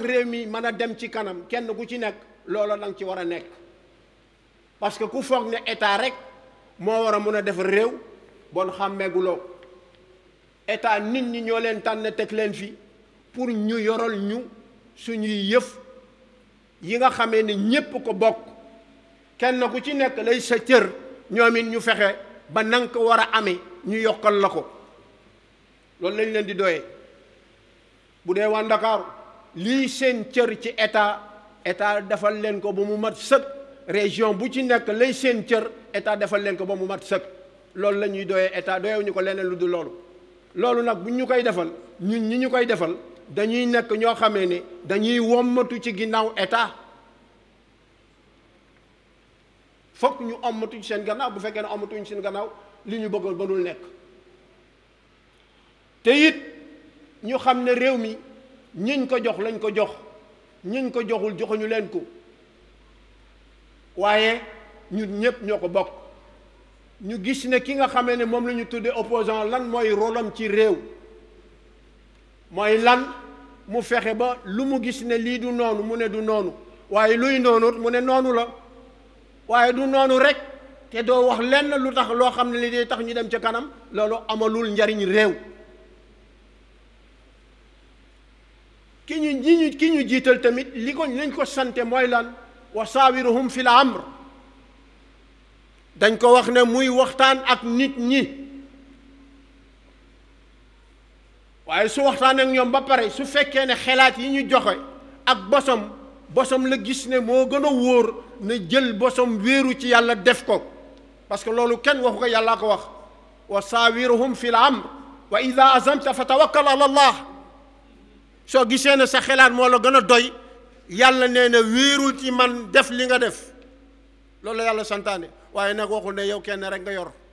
réew mi mën a dem ci kanam kenn ku ci nekk loola da nga ci war a nekk parce que ku foog ne état rek moo war a mun a defar réew bon xàmmeeguloo état nit ñi ñoo leen tànn teg leen fi pour ñu yoral ñu suñuy yëf yi nga xamee ne ñépp ko bokk kenn ku ci nekk lay sa cër ñoom it ñu fexe ba nanga ko war a amee ñu yokkal la ko loolu lañ leen di doyee bu dee waa Ndakaaru lii seen cër ci état état defal leen ko ba mu mat sëkk région bu ci nekk lay seen cër état defal leen ko ba mu mat sëkk loolu la ñuy doyee état doyewuñu ko leneen lu dul loolu loolu nag bu ñu koy defal ñun ñi ñu koy defal dañuy nekk ñoo xamee ne dañuy wommatu ci ginnaaw état fokk ñu ommatuñ seen gannaaw bu fekkee ne ommatuñ seen gannaaw li ñu bëggoon ba dul nekk te it ñu xam ne réew mi ñiñ ko jox lañ ko jox ñiñ ko joxul joxuñu leen ko waaye ñun ñépp ñoo ko bokk ñu gis ne ki nga xamee ne moom la ñu tuddee opposant lan mooy rolam ci réew mooy lan mu fexe ba lu mu gis ne lii du noonu mu ne du noonu waaye luy noonu mu ne noonu la waaye du noonu rek te doo wax lenn lu tax loo xam ne li day tax ñu dem ca kanam loolu amalul njariñ réew ki ñu ñi ñu ki ñu jiital tamit li ko lañ ko sante mooy lan wa saawiruhum fil amr dañ ko wax ne muy waxtaan ak nit ñi waaye su waxtaan ak ñoom ba pare su fekkee ne xelaat yi ñu joxe ak bosom bosom la gis ne moo gën a wóor na jël bosom wéeru ci yàlla def ko parce que loolu kenn waxu ko yàllaa ko wax wa saawiruhum fil amr wa ida azamta fa tawakkal ala allah soo gisee ne sa xelaat moo la gën a doy yàlla nee na wéerul ci man def li nga def loolu la yàlla santaane waaye nag waxul ne yow kenn rek nga yor